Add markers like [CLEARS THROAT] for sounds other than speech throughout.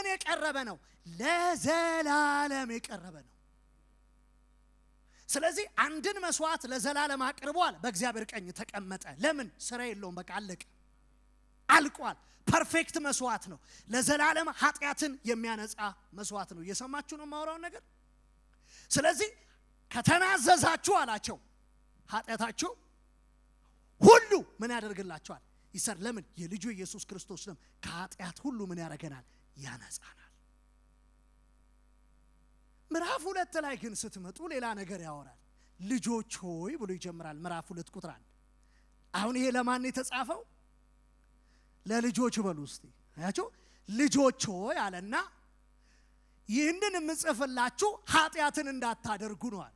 ለምን የቀረበ ነው? ለዘላለም የቀረበ ነው። ስለዚህ አንድን መስዋዕት ለዘላለም አቅርቧል። በእግዚአብሔር ቀኝ ተቀመጠ። ለምን ስራ የለውም። በቃ አለቀ፣ አልቋል። ፐርፌክት መስዋዕት ነው። ለዘላለም ኃጢአትን የሚያነጻ መስዋዕት ነው። እየሰማችሁ ነው የማወራውን ነገር። ስለዚህ ከተናዘዛችሁ አላቸው ኃጢአታችሁ ሁሉ ምን ያደርግላቸዋል? ይሰር ለምን የልጁ ኢየሱስ ክርስቶስ ደም ከኃጢአት ሁሉ ምን ያደርገናል? ያነጻናል። ምዕራፍ ሁለት ላይ ግን ስትመጡ ሌላ ነገር ያወራል። ልጆች ሆይ ብሎ ይጀምራል። ምዕራፍ ሁለት ቁጥር አንድ አሁን ይሄ ለማን የተጻፈው? ለልጆች በሉ እስቲ ያቸው ልጆች ሆይ አለና ይህንን የምጽፍላችሁ ኃጢአትን እንዳታደርጉ ነው አለ።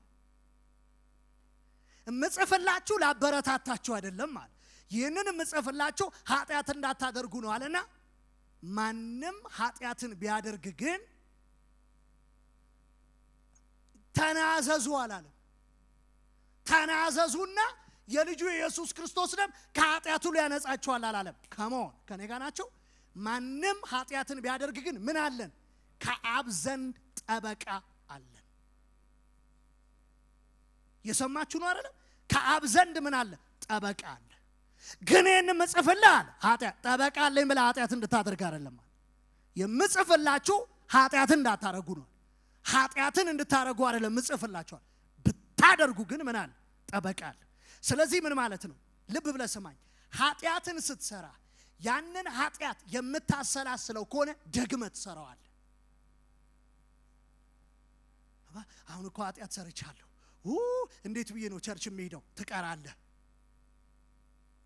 የምጽፍላችሁ ላበረታታችሁ አይደለም አለ። ይህንን የምጽፍላችሁ ኃጢአት እንዳታደርጉ ነው አለና ማንም ኃጢአትን ቢያደርግ ግን ተናዘዙ አላለም። ተናዘዙና የልጁ የኢየሱስ ክርስቶስ ደም ከኃጢአቱ ሊያነጻችኋል አላለም። ከመሆን ከኔ ጋ ናቸው። ማንም ኃጢአትን ቢያደርግ ግን ምን አለን? ከአብ ዘንድ ጠበቃ አለን። የሰማችሁ ነው አይደለም? ከአብ ዘንድ ምን አለ? ጠበቃ አለ። ግን ይህን ምጽፍልህ አለ ኃጢአት ጠበቃ አለኝ ብለህ ኃጢአት እንድታደርግ አይደለም። የምጽፍላችሁ ኃጢአትን እንዳታረጉ ነው። ኃጢአትን እንድታረጉ አይደለም ምጽፍላችኋል። ብታደርጉ ግን ምን አለ? ጠበቃ አለ። ስለዚህ ምን ማለት ነው? ልብ ብለህ ስማኝ። ኃጢአትን ስትሰራ ያንን ኃጢአት የምታሰላስለው ከሆነ ደግመ ትሰራዋለህ። አሁን እኮ ኃጢአት ሰርቻለሁ፣ እንዴት ብዬ ነው ቸርች የሚሄደው? ትቀራለህ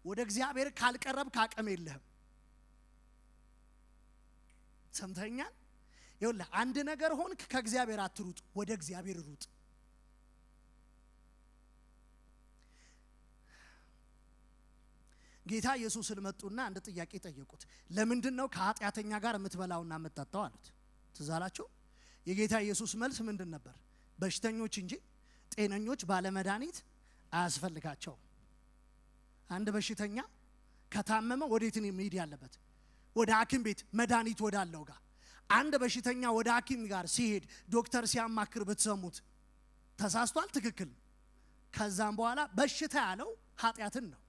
ወደ እግዚአብሔር ካልቀረብ ካቅም የለህም። ሰምተኛል? ይኸውልህ አንድ ነገር ሆንክ፣ ከእግዚአብሔር አትሩጥ፣ ወደ እግዚአብሔር ሩጥ። ጌታ ኢየሱስን መጡና አንድ ጥያቄ ጠየቁት። ለምንድን ነው ከኃጢአተኛ ጋር የምትበላውና የምትጠጣው አሉት። ትዝ አላችሁ? የጌታ ኢየሱስ መልስ ምንድን ነበር? በሽተኞች እንጂ ጤነኞች ባለመድኃኒት አያስፈልጋቸውም። አንድ በሽተኛ ከታመመ ወዴት መሄድ ያለበት? ወደ ሐኪም ቤት መድኃኒት ወዳለው ጋር። አንድ በሽተኛ ወደ ሐኪም ጋር ሲሄድ ዶክተር ሲያማክር ብትሰሙት ተሳስቷል፣ ትክክል። ከዛም በኋላ በሽታ ያለው ኃጢአትን ነው።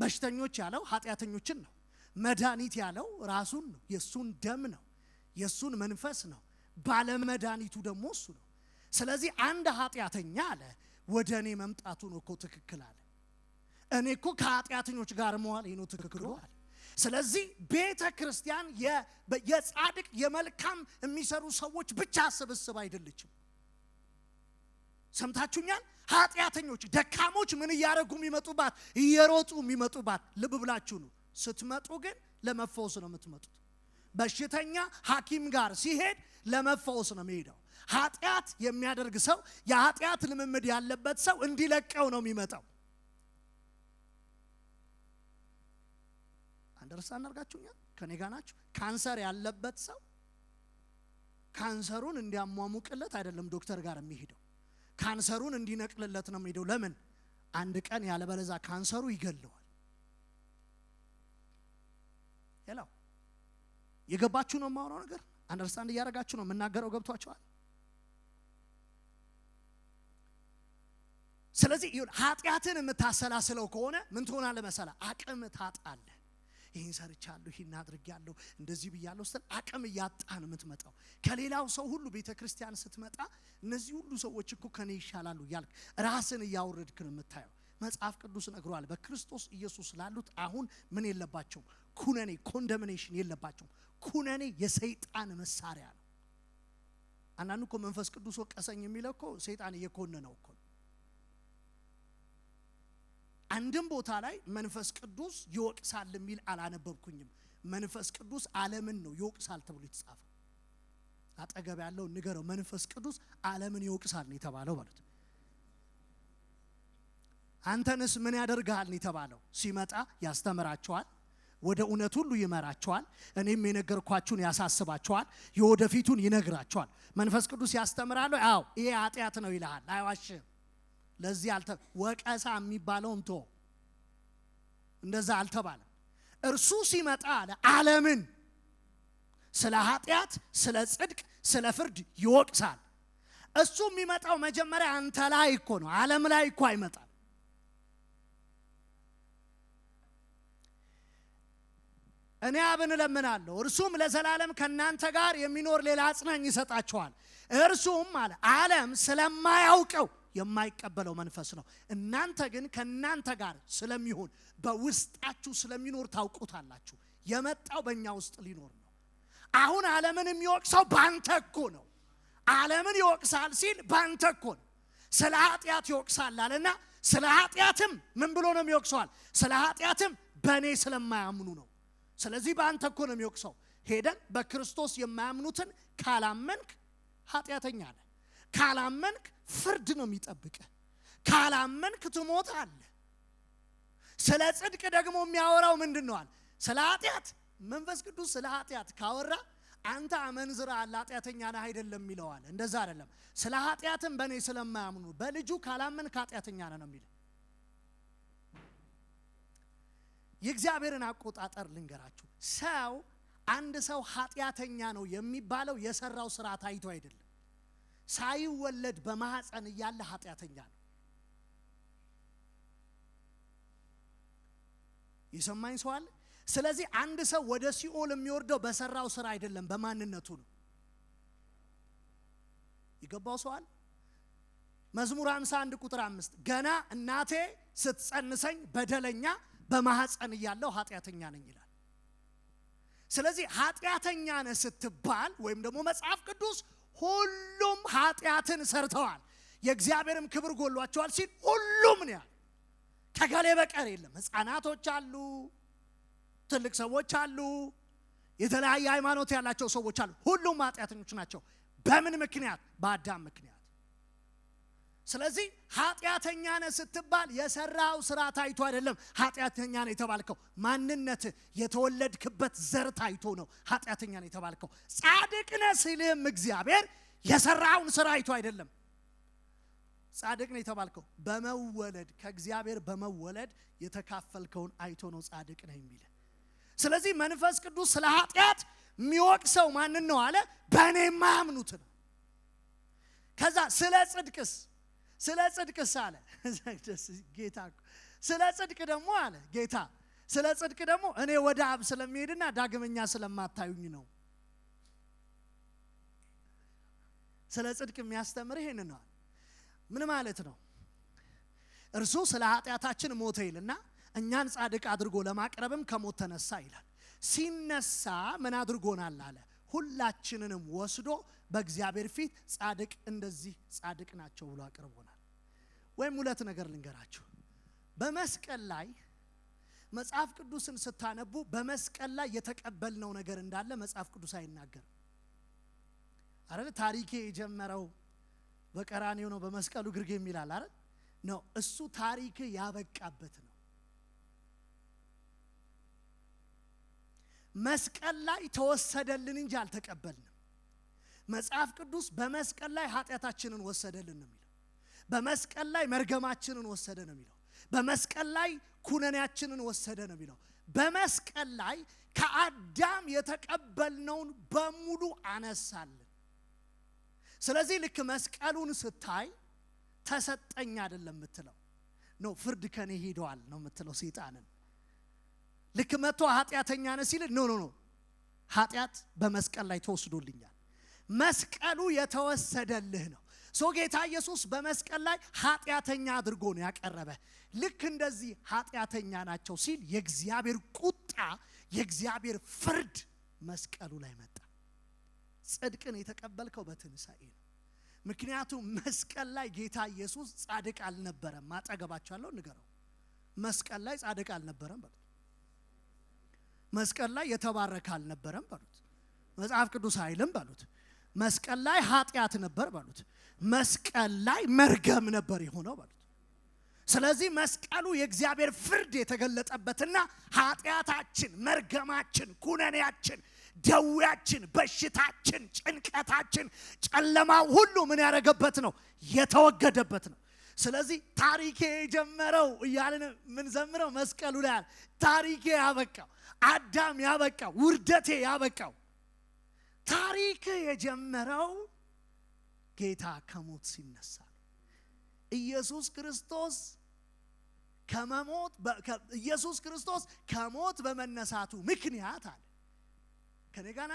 በሽተኞች ያለው ኃጢአተኞችን ነው። መድኃኒት ያለው ራሱን ነው፣ የእሱን ደም ነው፣ የእሱን መንፈስ ነው። ባለመድኃኒቱ ደግሞ እሱ ነው። ስለዚህ አንድ ኃጢአተኛ አለ ወደ እኔ መምጣቱን እኮ ትክክል አለ እኔ እኮ ከኃጢአተኞች ጋር መዋል ይህ ነው ስለዚህ ቤተ ክርስቲያን የጻድቅ የመልካም የሚሰሩ ሰዎች ብቻ ስብስብ አይደለችም። ሰምታችሁኛል? ኃጢአተኞች፣ ደካሞች ምን እያደረጉ የሚመጡባት እየሮጡ የሚመጡባት ልብ ብላችሁ ነው። ስትመጡ ግን ለመፈወስ ነው የምትመጡት። በሽተኛ ሐኪም ጋር ሲሄድ ለመፈወስ ነው የሚሄደው። ኃጢአት የሚያደርግ ሰው የኃጢአት ልምምድ ያለበት ሰው እንዲለቀው ነው የሚመጣው። አንደርስታንድ አናርጋችሁኛ ከኔ ጋር ናችሁ? ካንሰር ያለበት ሰው ካንሰሩን እንዲያሟሙቅለት አይደለም ዶክተር ጋር የሚሄደው ካንሰሩን እንዲነቅልለት ነው የሚሄደው። ለምን? አንድ ቀን ያለበለዛ ካንሰሩ ይገለዋል። ሄላው የገባችሁ ነው የማወራው ነገር አንደርስታንድ እያደረጋችሁ ነው የምናገረው ገብቷቸዋል። ስለዚህ ኃጢአትን የምታሰላስለው ከሆነ ምን ትሆናለህ መሰለህ? አቅም ታጣለህ። ይህን ሰርቻለሁ፣ ይህን አድርጌያለሁ፣ እንደዚህ ብያለሁ ስትል አቅም እያጣን የምትመጣው ከሌላው ሰው ሁሉ ቤተ ክርስቲያን ስትመጣ እነዚህ ሁሉ ሰዎች እኮ ከኔ ይሻላሉ እያልክ ራስን እያወረድክ ነው የምታየው። መጽሐፍ ቅዱስ ነግሯል። በክርስቶስ ኢየሱስ ላሉት አሁን ምን የለባቸውም? ኩነኔ ኮንደምኔሽን የለባቸውም። ኩነኔ የሰይጣን መሳሪያ ነው። አንዳንዱ እኮ መንፈስ ቅዱስ ወቀሰኝ የሚለው እኮ ሰይጣን እየኮነነው እኮ አንድም ቦታ ላይ መንፈስ ቅዱስ ይወቅሳል የሚል አላነበብኩኝም። መንፈስ ቅዱስ ዓለምን ነው ይወቅሳል ተብሎ የተጻፈ አጠገብ ያለው ንገረው፣ መንፈስ ቅዱስ ዓለምን ይወቅሳል ነው የተባለው ማለት ነው። አንተንስ ምን ያደርግሃል ነው የተባለው? ሲመጣ ያስተምራቸዋል፣ ወደ እውነት ሁሉ ይመራቸዋል፣ እኔም የነገርኳችሁን ያሳስባቸዋል፣ የወደፊቱን ይነግራቸዋል። መንፈስ ቅዱስ ያስተምራለሁ። አዎ ይሄ ኃጢአት ነው ይልሃል፣ አይዋሽም ለዚህ አልተ ወቀሳ የሚባለውን ቶ እንደዛ አልተባለ። እርሱ ሲመጣ አለ ዓለምን ስለ ኃጢአት፣ ስለ ጽድቅ፣ ስለ ፍርድ ይወቅሳል። እሱ የሚመጣው መጀመሪያ አንተ ላይ እኮ ነው። ዓለም ላይ እኮ አይመጣል። እኔ አብን እለምናለሁ እርሱም ለዘላለም ከእናንተ ጋር የሚኖር ሌላ አጽናኝ ይሰጣችኋል። እርሱም አለ ዓለም ስለማያውቀው የማይቀበለው መንፈስ ነው። እናንተ ግን ከእናንተ ጋር ስለሚሆን በውስጣችሁ ስለሚኖር ታውቁታላችሁ። የመጣው በእኛ ውስጥ ሊኖር ነው። አሁን ዓለምን የሚወቅሰው ባንተ እኮ ነው። ዓለምን ይወቅሳል ሲል ባንተ እኮ ነው። ስለ ኃጢአት ይወቅሳል አለና ስለ ኃጢአትም ምን ብሎ ነው የሚወቅሰዋል? ስለ ኃጢአትም በእኔ ስለማያምኑ ነው። ስለዚህ በአንተ እኮ ነው የሚወቅሰው። ሄደን በክርስቶስ የማያምኑትን ካላመንክ ኃጢአተኛ ነህ፣ ካላመንክ ፍርድ ነው የሚጠብቀ። ካላመንክ ትሞት አለ። ስለ ጽድቅ ደግሞ የሚያወራው ምንድን ነው አለ? ስለ ኃጢአት መንፈስ ቅዱስ ስለ ኃጢአት ካወራ አንተ አመንዝራ አለ ኃጢአተኛ ነህ አይደለም ይለዋል። እንደዛ አይደለም። ስለ ኃጢአትን በእኔ ስለማያምኑ በልጁ ካላመንክ ኃጢአተኛ ነህ ነው የሚለው። የእግዚአብሔርን አቆጣጠር ልንገራችሁ። ሰው አንድ ሰው ኃጢአተኛ ነው የሚባለው የሰራው ስራ ታይቶ አይደለም ሳይወለድ በማህፀን እያለ ኃጢአተኛ ነው። የሰማኝ ሰው አለ? ስለዚህ አንድ ሰው ወደ ሲኦል የሚወርደው በሰራው ስራ አይደለም፣ በማንነቱ ነው። የገባው ሰው አለ? መዝሙር 51 ቁጥር አምስት ገና እናቴ ስትጸንሰኝ በደለኛ በማህፀን እያለው ኃጢአተኛ ነኝ ይላል። ስለዚህ ኃጢአተኛ ነህ ስትባል ወይም ደግሞ መጽሐፍ ቅዱስ ሁሉም ኃጢአትን ሰርተዋል የእግዚአብሔርም ክብር ጎሏቸዋል ሲል ሁሉም ነው ያለ ከገሌ በቀር የለም። ህፃናቶች አሉ፣ ትልቅ ሰዎች አሉ፣ የተለያየ ሃይማኖት ያላቸው ሰዎች አሉ። ሁሉም ኃጢአተኞች ናቸው። በምን ምክንያት? በአዳም ምክንያት ስለዚህ ኃጢአተኛ ነህ ስትባል የሰራው ስራ ታይቶ አይደለም ኃጢአተኛ ነህ የተባልከው፣ ማንነት የተወለድክበት ዘር ታይቶ ነው ኃጢአተኛ ነህ የተባልከው። ጻድቅ ነህ ሲልህም እግዚአብሔር የሰራውን ስራ አይቶ አይደለም ጻድቅ ነህ የተባልከው። በመወለድ ከእግዚአብሔር በመወለድ የተካፈልከውን አይቶ ነው ጻድቅ ነህ የሚል። ስለዚህ መንፈስ ቅዱስ ስለ ኃጢአት ሰው ማንን ነው አለ? በእኔ የማያምኑት ነው። ከዛ ስለ ጽድቅስ ስለ ጽድቅስ [LAUGHS] አለ ጌታ። ስለ ጽድቅ ደግሞ አለ ጌታ፣ ስለ ጽድቅ ደግሞ እኔ ወደ አብ ስለሚሄድና ዳግመኛ ስለማታዩኝ ነው። ስለ ጽድቅ የሚያስተምር ይህን ነው። ምን ማለት ነው? እርሱ ስለ ኃጢአታችን ሞተ ይልና እኛን ጻድቅ አድርጎ ለማቅረብም ከሞት ተነሳ ይላል። ሲነሳ ምን አድርጎናል አለ? ሁላችንንም ወስዶ በእግዚአብሔር ፊት ጻድቅ እንደዚህ ጻድቅ ናቸው ብሎ አቅርቦናል። ወይም ሁለት ነገር ልንገራችሁ። በመስቀል ላይ መጽሐፍ ቅዱስን ስታነቡ በመስቀል ላይ የተቀበልነው ነገር እንዳለ መጽሐፍ ቅዱስ አይናገርም። አረ ታሪኬ የጀመረው በቀራኔው ነው በመስቀሉ ግርጌ የሚላል አረ ነው እሱ ታሪክ ያበቃበት ነው። መስቀል ላይ ተወሰደልን እንጂ አልተቀበልን መጽሐፍ ቅዱስ በመስቀል ላይ ኃጢአታችንን ወሰደልን ነው የሚለው። በመስቀል ላይ መርገማችንን ወሰደ ነው የሚለው። በመስቀል ላይ ኩነኔያችንን ወሰደ ነው የሚለው። በመስቀል ላይ ከአዳም የተቀበልነውን በሙሉ አነሳልን። ስለዚህ ልክ መስቀሉን ስታይ ተሰጠኝ አይደለም የምትለው ነው። ፍርድ ከኔ ሄደዋል ነው የምትለው ሰይጣንን። ልክ መጥቶ ኃጢአተኛ ነ ሲል ኖ ኖ ኖ ኃጢአት በመስቀል ላይ ተወስዶልኛል መስቀሉ የተወሰደልህ ነው። ሶ ጌታ ኢየሱስ በመስቀል ላይ ኃጢአተኛ አድርጎ ነው ያቀረበ። ልክ እንደዚህ ኃጢአተኛ ናቸው ሲል የእግዚአብሔር ቁጣ የእግዚአብሔር ፍርድ መስቀሉ ላይ መጣ። ጽድቅን የተቀበልከው በትንሣኤ ነው። ምክንያቱም መስቀል ላይ ጌታ ኢየሱስ ጻድቅ አልነበረም። አጠገባችኋለሁ ንገረው፣ መስቀል ላይ ጻድቅ አልነበረም በሉት። መስቀል ላይ የተባረከ አልነበረም በሉት። መጽሐፍ ቅዱስ አይልም በሉት። መስቀል ላይ ኃጢአት ነበር በሉት። መስቀል ላይ መርገም ነበር የሆነው በሉት። ስለዚህ መስቀሉ የእግዚአብሔር ፍርድ የተገለጠበትና ኃጢአታችን፣ መርገማችን፣ ኩነኔያችን፣ ደዌያችን፣ በሽታችን፣ ጭንቀታችን፣ ጨለማው ሁሉ ምን ያደረገበት ነው? የተወገደበት ነው። ስለዚህ ታሪኬ የጀመረው እያልን ዘምረው መስቀሉ ላይ ታሪኬ ያበቃው፣ አዳም ያበቃው፣ ውርደቴ ያበቃው ታሪክ የጀመረው ጌታ ከሞት ሲነሳ ኢየሱስ ክርስቶስ ከመሞት ኢየሱስ ክርስቶስ ከሞት በመነሳቱ ምክንያት አለ ከኔ ጋር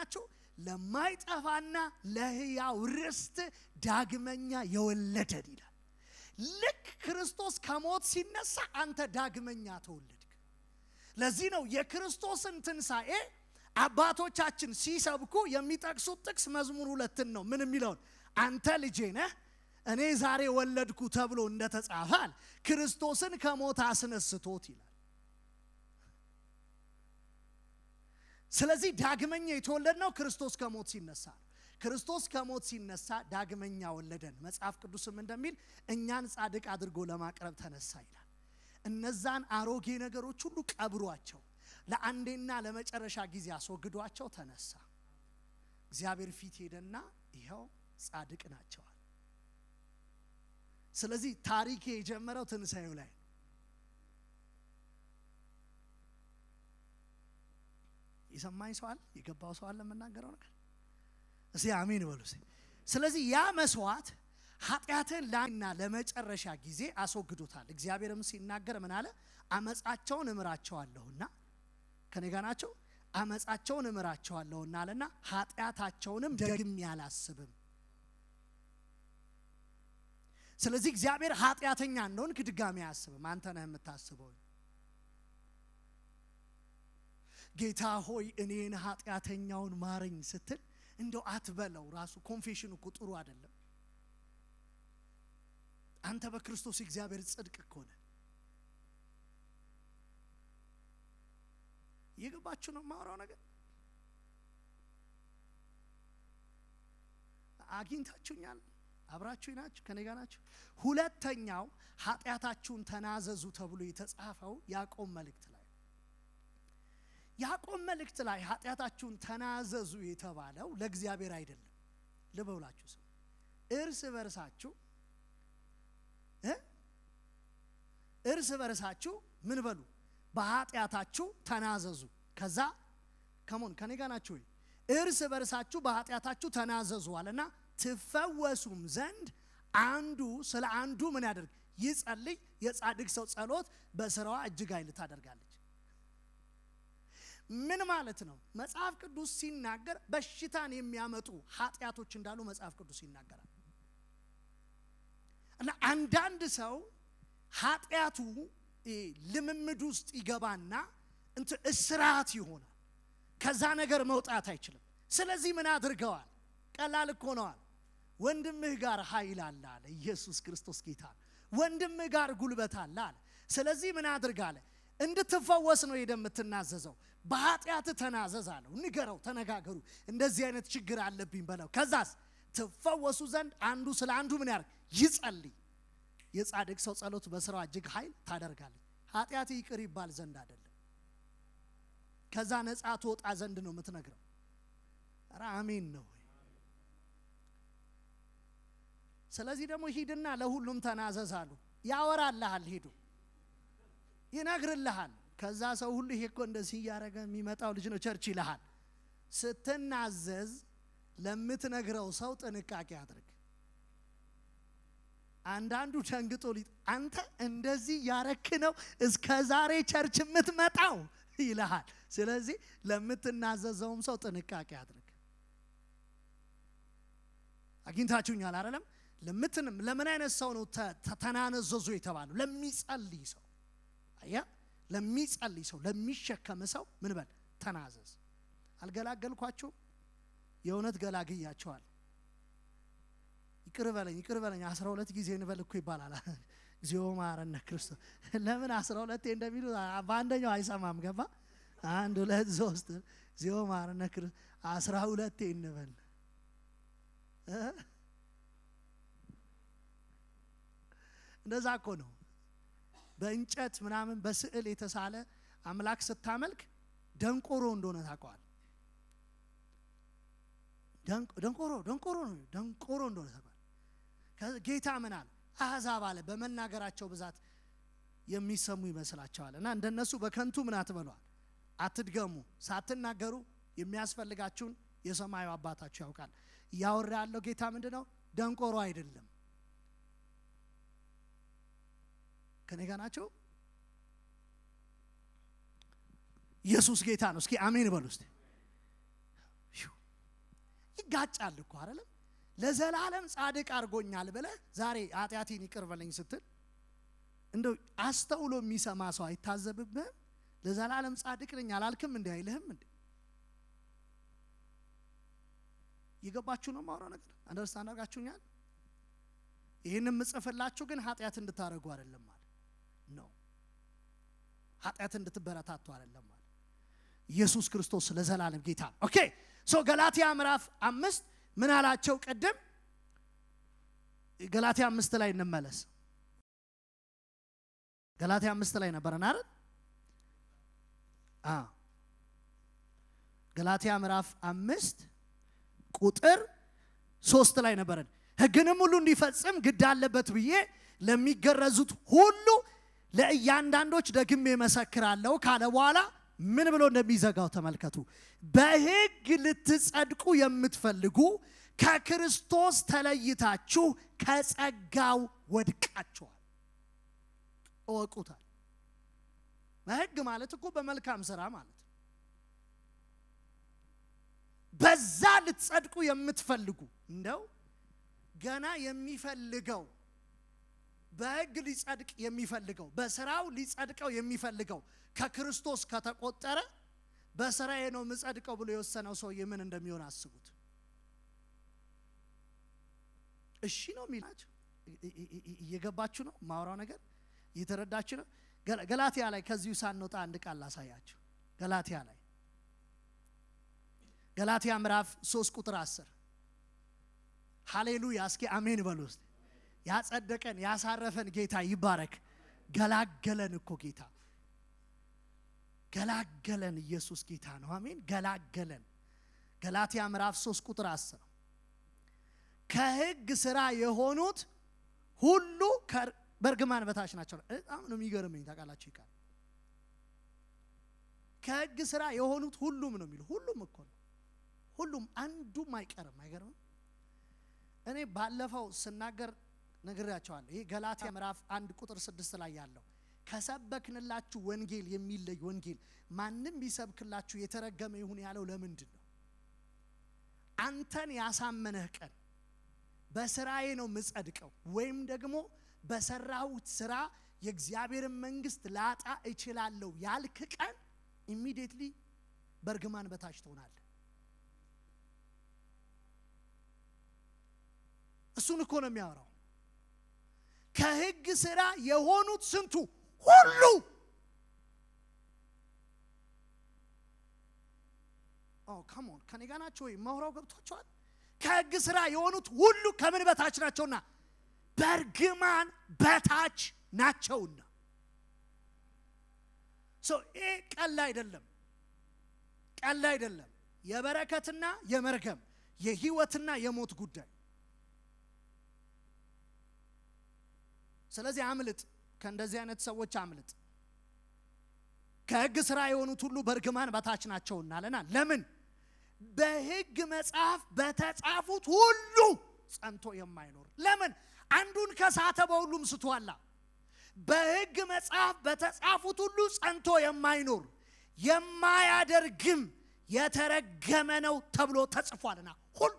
ለማይጠፋና ለህያው ርስት ዳግመኛ የወለደን ይላል። ልክ ክርስቶስ ከሞት ሲነሳ አንተ ዳግመኛ ተወለድክ። ለዚህ ነው የክርስቶስን ትንሣኤ አባቶቻችን ሲሰብኩ የሚጠቅሱት ጥቅስ መዝሙር ሁለትን ነው። ምን የሚለውን አንተ ልጄ ነህ እኔ ዛሬ ወለድኩ ተብሎ እንደተጻፋል ክርስቶስን ከሞት አስነስቶት ይላል። ስለዚህ ዳግመኛ የተወለድነው ክርስቶስ ከሞት ሲነሳ ነው። ክርስቶስ ከሞት ሲነሳ ዳግመኛ ወለደን። መጽሐፍ ቅዱስም እንደሚል እኛን ጻድቅ አድርጎ ለማቅረብ ተነሳ ይላል። እነዛን አሮጌ ነገሮች ሁሉ ቀብሯቸው ለአንዴና ለመጨረሻ ጊዜ አስወግዷቸው ተነሳ። እግዚአብሔር ፊት ሄደና ይኸው ጻድቅ ናቸዋል። ስለዚህ ታሪኬ የጀመረው ትንሳኤው ላይ የሰማኝ ሰው አለ? የገባው ሰው አለ? የምናገረው ነገር እስ አሜን በሉ። ስለዚህ ያ መስዋዕት ኃጢአትን ላና ለመጨረሻ ጊዜ አስወግዶታል። እግዚአብሔርም ሲናገር ምን አለ? አመፃቸውን እምራቸዋለሁና ከኔ ጋር ናቸው። አመጻቸውን እምራቸዋለሁና አለና ኃጢአታቸውንም ደግሜ አላስብም። ስለዚህ እግዚአብሔር ኃጢአተኛ እንደሆንክ ድጋሚ አያስብም። አንተ ነህ የምታስበው። ጌታ ሆይ እኔን ኃጢአተኛውን ማረኝ ስትል እንደው አትበለው። ራሱ ኮንፌሽን እኮ ጥሩ አይደለም። አንተ በክርስቶስ እግዚአብሔር ጽድቅ ከሆነ እየገባችሁ ነው የማወራው ነገር አግኝታችሁኛል። አብራችሁ ናችሁ፣ ከኔ ጋር ናችሁ። ሁለተኛው ኃጢአታችሁን ተናዘዙ ተብሎ የተጻፈው ያዕቆብ መልእክት ላይ ያዕቆብ መልእክት ላይ ኃጢአታችሁን ተናዘዙ የተባለው ለእግዚአብሔር አይደለም። ልበውላችሁ ብላችሁ እርስ በርሳችሁ እርስ በርሳችሁ ምን በሉ በኃጢአታችሁ ተናዘዙ። ከዛ ከሞን ከኔ ጋር ናችሁ ወይ? እርስ በርሳችሁ በኃጢአታችሁ ተናዘዙ አለና ትፈወሱም ዘንድ አንዱ ስለ አንዱ ምን ያደርግ ይጸልይ። የጻድቅ ሰው ጸሎት በስራዋ እጅግ ኃይል ታደርጋለች። ምን ማለት ነው? መጽሐፍ ቅዱስ ሲናገር በሽታን የሚያመጡ ኃጢአቶች እንዳሉ መጽሐፍ ቅዱስ ይናገራል። እና አንዳንድ ሰው ኃጢአቱ ልምምድ ውስጥ ይገባና እንት እስራት ይሆናል። ከዛ ነገር መውጣት አይችልም። ስለዚህ ምን አድርገዋል? ቀላል እኮ ነዋል። ወንድምህ ጋር ኃይል አለ አለ ኢየሱስ ክርስቶስ ጌታ። ወንድምህ ጋር ጉልበት አለ አለ። ስለዚህ ምን አድርግ አለ እንድትፈወስ ነው ሄደ የምትናዘዘው። በኃጢአት ተናዘዝ አለው። ንገረው፣ ተነጋገሩ። እንደዚህ አይነት ችግር አለብኝ በለው። ከዛስ ትፈወሱ ዘንድ አንዱ ስለ አንዱ ምን ያርግ ይጸልይ። የጻድቅ ሰው ጸሎት በስራ እጅግ ኃይል ታደርጋለች። ኃጢአት ይቅር ይባል ዘንድ አይደለም፣ ከዛ ነጻ ትወጣ ዘንድ ነው የምትነግረው። ኧረ አሜን ነው። ስለዚህ ደግሞ ሂድና ለሁሉም ተናዘዝ አሉ። ያወራልሃል፣ ሂዱ ይነግርልሃል። ከዛ ሰው ሁሉ ይሄ እኮ እንደዚህ እያደረገ የሚመጣው ልጅ ነው ቸርች ይልሃል። ስትናዘዝ ለምትነግረው ሰው ጥንቃቄ አድርግ። አንዳንዱ ደንግጦ ሊ አንተ እንደዚህ ያረክ ነው እስከ ዛሬ ቸርች የምትመጣው ይልሃል። ስለዚህ ለምትናዘዘውም ሰው ጥንቃቄ አድርግ። አግኝታችሁኛል አይደለም? ለምትንም ለምን አይነት ሰው ነው ተናነዘዙ የተባለው? ለሚጸልይ ሰው አያ ለሚጸልይ ሰው ለሚሸከም ሰው ምን በል ተናዘዝ። አልገላገልኳችሁም፣ የእውነት ገላግያቸዋል። ይቅር በለኝ ይቅር በለኝ አስራ ሁለት ጊዜ እንበል እኮ ይባላል። እግዚኦ ማረነ ክርስቶስ። ለምን አስራ ሁለት እንደሚሉ በአንደኛው አይሰማም። ገባ አንድ ሁለት ሶስት፣ እግዚኦ ማረነ ክርስቶስ አስራ ሁለት እንበል። እንደዛ እኮ ነው። በእንጨት ምናምን በስዕል የተሳለ አምላክ ስታመልክ ደንቆሮ እንደሆነ ታውቀዋል። ደንቆሮ ደንቆሮ ነው። ደንቆሮ እንደሆነ ታውቀዋል። ጌታ ምን አለ? አህዛብ አለ በመናገራቸው ብዛት የሚሰሙ ይመስላቸዋል። እና እንደነሱ በከንቱ ምን አትበሏል፣ አትድገሙ። ሳትናገሩ የሚያስፈልጋችሁን የሰማዩ አባታችሁ ያውቃል። እያወራ ያለው ጌታ ምንድን ነው? ደንቆሮ አይደለም። ከኔ ናቸው። ኢየሱስ ጌታ ነው። እስኪ አሜን በሉ። እስቲ ይጋጫል እኮ አይደለም ለዘላለም ጻድቅ አድርጎኛል ብለ ዛሬ ኃጢአቴን ይቅር በለኝ ስትል እንደው አስተውሎ የሚሰማ ሰው አይታዘብብህም? ለዘላለም ጻድቅ ነኝ አላልክም እንዲ አይልህም እንዴ? የገባችሁ ነው ማውራ ነገር አንደርስታንድ አድርጋችሁኛል። ይህን የምጽፍላችሁ ግን ኃጢአት እንድታደርጉ አይደለም ማለት ነው። ኃጢአት እንድትበረታቱ አይደለም ማለት ኢየሱስ ክርስቶስ ለዘላለም ጌታ ነው። ኦኬ ሶ ገላትያ ምዕራፍ አምስት ምን አላቸው? ቅድም ገላትያ አምስት ላይ እንመለስ። ገላትያ አምስት ላይ ነበረን አይደል? ገላትያ ምዕራፍ አምስት ቁጥር ሶስት ላይ ነበረን። ህግንም ሁሉ እንዲፈጽም ግድ አለበት ብዬ ለሚገረዙት ሁሉ ለእያንዳንዶች ደግሜ መሰክራለሁ ካለ በኋላ ምን ብሎ እንደሚዘጋው ተመልከቱ። በሕግ ልትጸድቁ የምትፈልጉ ከክርስቶስ ተለይታችሁ ከጸጋው ወድቃችኋል። እወቁታል። በሕግ ማለት እኮ በመልካም ስራ ማለት ነው። በዛ ልትጸድቁ የምትፈልጉ እንደው ገና የሚፈልገው በህግ ሊጸድቅ የሚፈልገው በስራው ሊጸድቀው የሚፈልገው ከክርስቶስ ከተቆጠረ በስራዬ ነው የምጸድቀው ብሎ የወሰነው ሰውዬ ምን እንደሚሆን አስቡት። እሺ ነው የሚላችሁ? እየገባችሁ ነው? ማውራው ነገር እየተረዳችሁ ነው? ገላትያ ላይ ከዚሁ ሳንወጣ አንድ ቃል ላሳያችሁ። ገላትያ ላይ ገላትያ ምዕራፍ ሶስት ቁጥር አስር ሀሌሉያ። እስኪ አሜን በሉ ውስጥ ያጸደቀን ያሳረፈን ጌታ ይባረክ። ገላገለን እኮ ጌታ ገላገለን። ኢየሱስ ጌታ ነው። አሜን። ገላገለን። ገላትያ ምዕራፍ 3 ቁጥር 10 ከሕግ ስራ የሆኑት ሁሉ በእርግማን በታች ናቸው። በጣም ነው የሚገርመኝ። ታውቃላችሁ ይቃል ከሕግ ስራ የሆኑት ሁሉም ነው የሚሉ ሁሉም እኮ ነው። ሁሉም አንዱም አይቀርም። አይገርምም? እኔ ባለፈው ስናገር ነግራቸዋለሁ። ይሄ ገላትያ ምዕራፍ አንድ ቁጥር ስድስት ላይ ያለው ከሰበክንላችሁ ወንጌል የሚለይ ወንጌል ማንም ቢሰብክላችሁ የተረገመ ይሁን ያለው ለምንድን ነው? አንተን ያሳመነህ ቀን በስራዬ ነው ምጸድቀው ወይም ደግሞ በሰራሁት ስራ የእግዚአብሔርን መንግስት ላጣ እችላለሁ ያልክ ቀን ኢሚዲየትሊ በእርግማን በታች ትሆናለህ። እሱን እኮ ነው የሚያወራው። ከህግ ስራ የሆኑት ስንቱ ሁሉ ካሞን ከኔ ጋ ናቸው ወይ? መውራው ገብቷቸዋል። ከህግ ስራ የሆኑት ሁሉ ከምን በታች ናቸውና በእርግማን በታች ናቸውና። ይሄ ቀላ አይደለም፣ ቀላ አይደለም። የበረከትና የመርገም የህይወትና የሞት ጉዳይ ስለዚህ አምልጥ፣ ከእንደዚህ አይነት ሰዎች አምልጥ። ከህግ ስራ የሆኑት ሁሉ በእርግማን በታች ናቸው እናለና ለምን በህግ መጽሐፍ በተጻፉት ሁሉ ጸንቶ የማይኖር ለምን አንዱን ከሳተ በሁሉም ስቷላ በህግ መጽሐፍ በተጻፉት ሁሉ ጸንቶ የማይኖር የማያደርግም የተረገመ ነው ተብሎ ተጽፏልና ሁሉ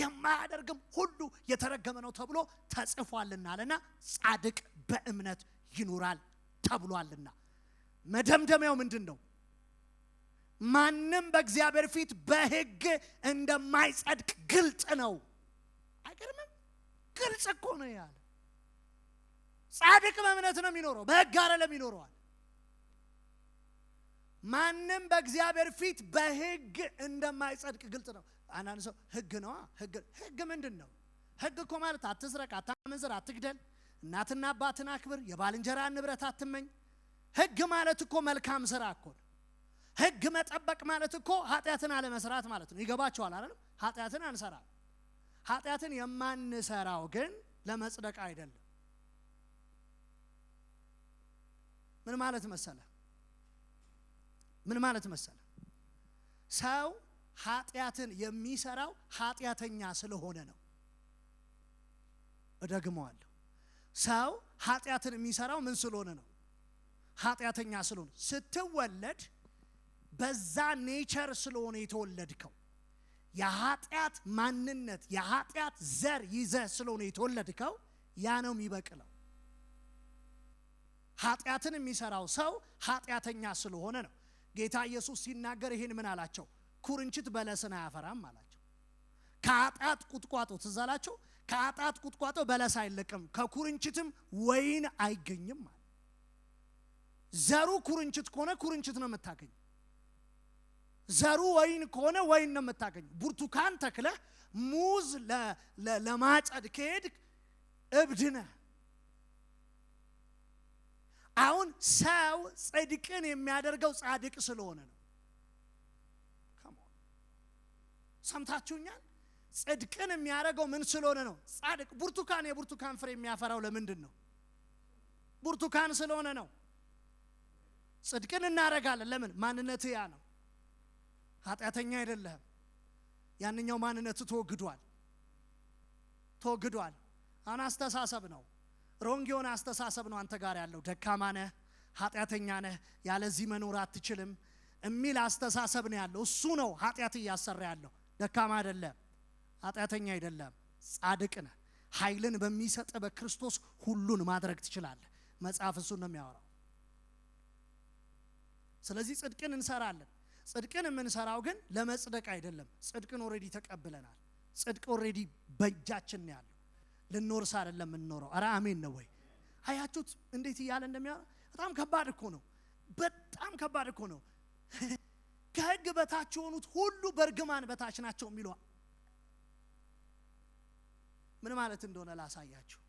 የማያደርግም ሁሉ የተረገመ ነው ተብሎ ተጽፏልና አለና ጻድቅ በእምነት ይኖራል ተብሏልና። መደምደሚያው ምንድን ነው? ማንም በእግዚአብሔር ፊት በሕግ እንደማይጸድቅ ግልጥ ነው። አይገርምም? ግልጽ እኮ ነው ያለ። ጻድቅ በእምነት ነው የሚኖረው፣ በሕግ አይደለም ይኖረዋል። ማንም በእግዚአብሔር ፊት በሕግ እንደማይጸድቅ ግልጥ ነው። አንዳንድ ሰው ህግ ነዋ ህግ ህግ ምንድን ነው? ህግ እኮ ማለት አትስረቅ፣ አታመንዝር፣ አትግደል፣ እናትና አባትን አክብር፣ የባልንጀራ ንብረት አትመኝ። ህግ ማለት እኮ መልካም ስራ እኮ ነው። ህግ መጠበቅ ማለት እኮ ኃጢአትን አለመስራት ማለት ነው። ይገባችኋል አይደለም? ኃጢአትን አንሰራ ኃጢአትን የማንሰራው ግን ለመጽደቅ አይደለም። ምን ማለት መሰለ ምን ማለት መሰለ ሰው ኃጢአትን የሚሰራው ኃጢአተኛ ስለሆነ ነው። እደግመዋለሁ። ሰው ኃጢአትን የሚሰራው ምን ስለሆነ ነው? ኃጢአተኛ ስለሆነ። ስትወለድ በዛ ኔቸር ስለሆነ የተወለድከው የኃጢአት ማንነት የኃጢአት ዘር ይዘህ ስለሆነ የተወለድከው ያ ነው የሚበቅለው። ኃጢአትን የሚሰራው ሰው ኃጢአተኛ ስለሆነ ነው። ጌታ ኢየሱስ ሲናገር ይህን ምን አላቸው? ኩርንችት በለስን አያፈራም አላቸው። ከአጣጥ ቁጥቋጦ ትዝ አላቸው። ከአጣጥ ቁጥቋጦ በለስ አይለቅም፣ ከኩርንችትም ወይን አይገኝም አለ። ዘሩ ኩርንችት ከሆነ ኩርንችት ነው የምታገኝ። ዘሩ ወይን ከሆነ ወይን ነው የምታገኝ። ብርቱካን ተክለህ ሙዝ ለማጨድ ከሄድ እብድነ አሁን ሰው ጽድቅን የሚያደርገው ጻድቅ ስለሆነ ነው። ሰምታችሁኛል? ጽድቅን የሚያደርገው ምን ስለሆነ ነው? ጻድቅ ብርቱካን፣ የብርቱካን ፍሬ የሚያፈራው ለምንድን ነው? ብርቱካን ስለሆነ ነው። ጽድቅን እናደርጋለን። ለምን? ማንነት ያ ነው። ኃጢአተኛ አይደለህም። ያንኛው ማንነት ተወግዷል፣ ተወግዷል። አሁን አስተሳሰብ ነው፣ ሮንግ የሆነ አስተሳሰብ ነው አንተ ጋር ያለው። ደካማ ነህ፣ ኃጢአተኛ ነህ፣ ያለዚህ መኖር አትችልም የሚል አስተሳሰብ ነው ያለው። እሱ ነው ኃጢአት እያሰራ ያለው። ደካማ አይደለም፣ ኃጢአተኛ አይደለም፣ ጻድቅ ነህ። ኃይልን በሚሰጥ በክርስቶስ ሁሉን ማድረግ ትችላለህ። መጽሐፍ እሱን ነው የሚያወራው። ስለዚህ ጽድቅን እንሰራለን። ጽድቅን የምንሰራው ግን ለመጽደቅ አይደለም። ጽድቅን ኦሬዲ ተቀብለናል። ጽድቅ ኦሬዲ በእጃችን ያለ ያለው። ልንወርስ አይደለም የምንኖረው። አረ አሜን ነው ወይ? አያችሁት እንዴት እያለ እንደሚያወራ። በጣም ከባድ እኮ ነው። በጣም ከባድ እኮ ነው። ከህግ በታች የሆኑት ሁሉ በእርግማን በታች ናቸው የሚለዋ ምን ማለት እንደሆነ ላሳያችሁ።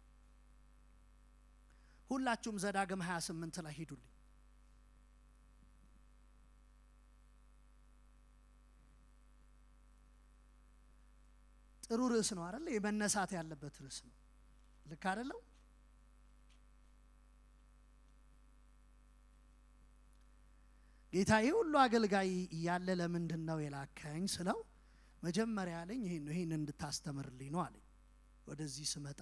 ሁላችሁም ዘዳግም 28 ላይ ሂዱልኝ። ጥሩ ርዕስ ነው አይደል? የመነሳት ያለበት ርዕስ ነው። ልክ አይደለው? ጌታ ይህ ሁሉ አገልጋይ እያለ ለምንድን ነው የላከኝ ስለው መጀመሪያ አለኝ ይህን ይህን እንድታስተምርልኝ ነው አለኝ። ወደዚህ ስመጣ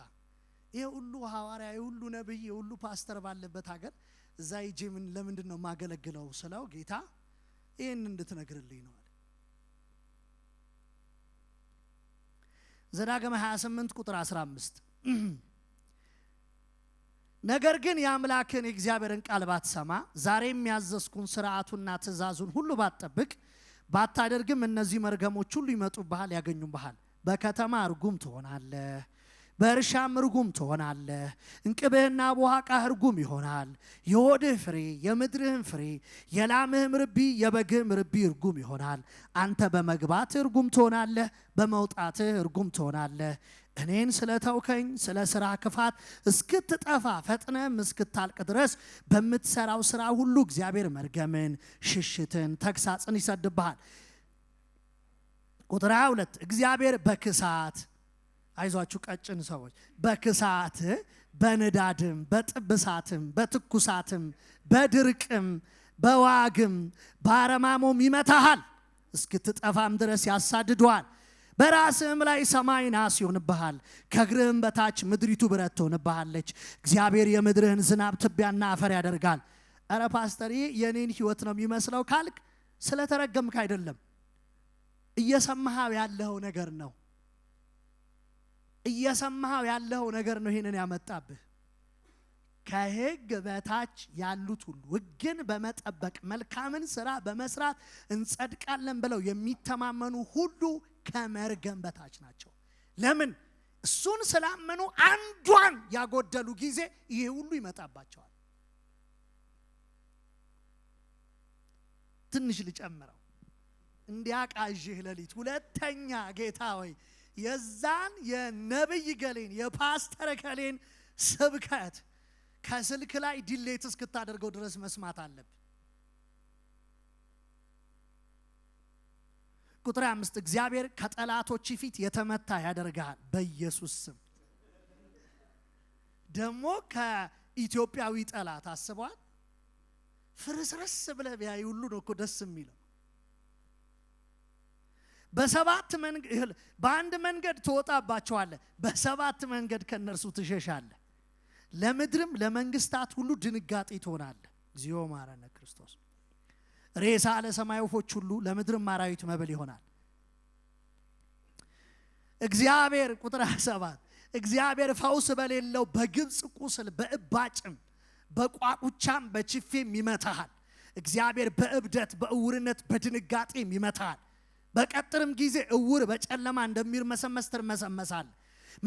ይህ ሁሉ ሐዋርያ የሁሉ ነቢይ የሁሉ ፓስተር ባለበት ሀገር እዛ ይጄ ለምንድን ነው የማገለግለው ስለው ጌታ ይህን እንድትነግርልኝ ነው አለ። ዘዳግም 28 ቁጥር 15 [CLEARS THROAT] ነገር ግን የአምላክን የእግዚአብሔርን ቃል ባትሰማ ዛሬ የሚያዘዝኩን ስርዓቱና ትእዛዙን ሁሉ ባትጠብቅ ባታደርግም እነዚህ መርገሞች ሁሉ ይመጡብሃል፣ ያገኙብሃል። በከተማ እርጉም ትሆናለህ፣ በእርሻም እርጉም ትሆናለህ። እንቅብህና ቦሃቃህ እርጉም ይሆናል። የሆድህ ፍሬ፣ የምድርህም ፍሬ፣ የላምህም ርቢ፣ የበግህም ርቢ እርጉም ይሆናል። አንተ በመግባትህ እርጉም ትሆናለህ፣ በመውጣትህ እርጉም ትሆናለህ። እኔን ስለተውከኝ ስለ ስራ ክፋት እስክትጠፋ ፈጥነም እስክታልቅ ድረስ በምትሰራው ስራ ሁሉ እግዚአብሔር መርገምን፣ ሽሽትን፣ ተግሳጽን ይሰድብሃል። ቁጥር 22 እግዚአብሔር በክሳት አይዟችሁ ቀጭን ሰዎች በክሳት በንዳድም በጥብሳትም በትኩሳትም በድርቅም በዋግም በአረማሞም ይመታሃል፣ እስክትጠፋም ድረስ ያሳድደዋል። በራስህም ላይ ሰማይ ናስ ይሆንብሃል፣ ከእግርህም በታች ምድሪቱ ብረት ትሆንብሃለች። እግዚአብሔር የምድርህን ዝናብ ትቢያና አፈር ያደርጋል። እረ ፓስተር፣ ይህ የኔን ህይወት ነው የሚመስለው ካልክ ስለተረገምክ አይደለም፣ እየሰማሃው ያለው ነገር ነው። እየሰማሃው ያለው ነገር ነው ይህንን ያመጣብህ። ከህግ በታች ያሉት ሁሉ ህግን በመጠበቅ መልካምን ስራ በመስራት እንጸድቃለን ብለው የሚተማመኑ ሁሉ ከመርገም በታች ናቸው። ለምን? እሱን ስላመኑ አንዷን ያጎደሉ ጊዜ ይሄ ሁሉ ይመጣባቸዋል። ትንሽ ልጨምረው እንዲያቃዥህ ሌሊት ሁለተኛ ጌታ ወይ የዛን የነብይ ገሌን የፓስተር ገሌን ስብከት ከስልክ ላይ ዲሌት እስክታደርገው ድረስ መስማት አለብን። ቁጥር አምስት እግዚአብሔር ከጠላቶች ፊት የተመታ ያደርግሃል በኢየሱስ ስም። ደግሞ ከኢትዮጵያዊ ጠላት አስበዋል። ፍርስርስ ብለህ ቢያይ ሁሉ ነው እኮ ደስ የሚለው። በሰባት መንገድ በአንድ መንገድ ትወጣባቸዋለህ፣ በሰባት መንገድ ከእነርሱ ትሸሻለህ። ለምድርም ለመንግስታት ሁሉ ድንጋጤ ትሆናለህ። እግዚኦ መሐረነ ክርስቶስ ሬሳ ለሰማይ ወፎች ሁሉ ለምድርም አራዊት መብል ይሆናል። እግዚአብሔር ቁጥር 27 እግዚአብሔር ፈውስ በሌለው በግብፅ ቁስል በእባጭም በቋቁቻም በችፌም ይመታሃል። እግዚአብሔር በእብደት በእውርነት በድንጋጤም ይመታሃል። በቀትርም ጊዜ እውር በጨለማ እንደሚርመሰመስ ትርመሰመሳል።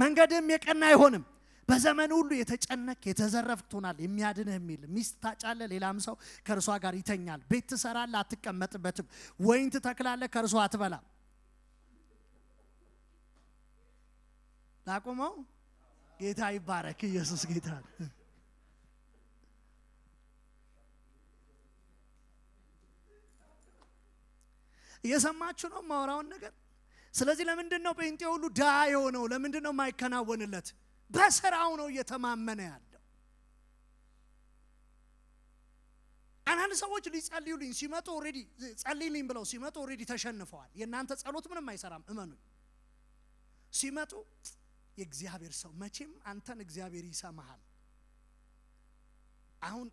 መንገድም የቀና አይሆንም። በዘመን ሁሉ የተጨነቅ የተዘረፍክ ትሆናል የሚያድንህ የሚል ሚስት ታጫለ፣ ሌላም ሰው ከእርሷ ጋር ይተኛል። ቤት ትሰራለ፣ አትቀመጥበትም። ወይን ትተክላለ፣ ከእርሷ አትበላም። ላቁመው። ጌታ ይባረክ። ኢየሱስ ጌታ እየሰማችሁ ነው ማወራውን ነገር። ስለዚህ ለምንድን ነው ጴንጤ ሁሉ ዳ የሆነው? ለምንድን ነው የማይከናወንለት? በስራው ነው እየተማመነ ያለው። አንዳንድ ሰዎች ሊጸልዩልኝ ሲመጡ ኦልሬዲ ጸልይልኝ ብለው ሲመጡ ኦልሬዲ ተሸንፈዋል። የእናንተ ጸሎት ምንም አይሰራም፣ እመኑኝ። ሲመጡ የእግዚአብሔር ሰው መቼም አንተን እግዚአብሔር ይሰማሃል። አሁን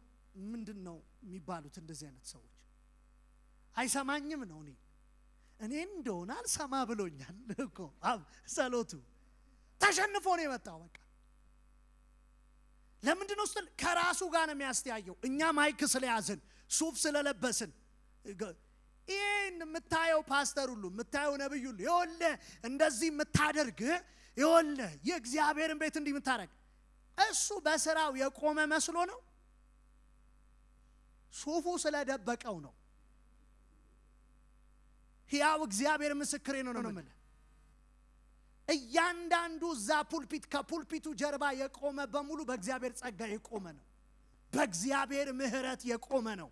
ምንድን ነው የሚባሉት እንደዚህ አይነት ሰዎች? አይሰማኝም ነው እኔ እኔ እንደሆነ አልሰማ ብሎኛል እኮ ጸሎቱ ተሸንፎ ነው የመጣው። በቃ ለምንድን ነው ስትል ከራሱ ጋር ነው የሚያስተያየው። እኛ ማይክ ስለያዝን ሱፍ ስለለበስን ይህን የምታየው ፓስተር ሁሉ የምታየው ነብይ ሁሉ የወለ እንደዚህ የምታደርግ የወለ የእግዚአብሔርን ቤት እንዲህ የምታደርግ እሱ በስራው የቆመ መስሎ ነው። ሱፉ ስለደበቀው ነው። ያው እግዚአብሔር ምስክሬ ነው ነው እያንዳንዱ እዛ ፑልፒት ከፑልፒቱ ጀርባ የቆመ በሙሉ በእግዚአብሔር ጸጋ የቆመ ነው። በእግዚአብሔር ምሕረት የቆመ ነው።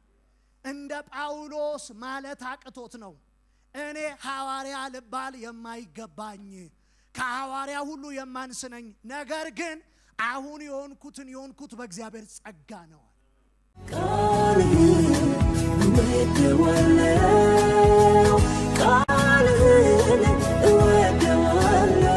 እንደ ጳውሎስ ማለት አቅቶት ነው እኔ ሐዋርያ ልባል የማይገባኝ ከሐዋርያ ሁሉ የማንስነኝ ነገር ግን አሁን የሆንኩትን የሆንኩት በእግዚአብሔር ጸጋ ነው። ቃልህን ወደወለው ቃልህን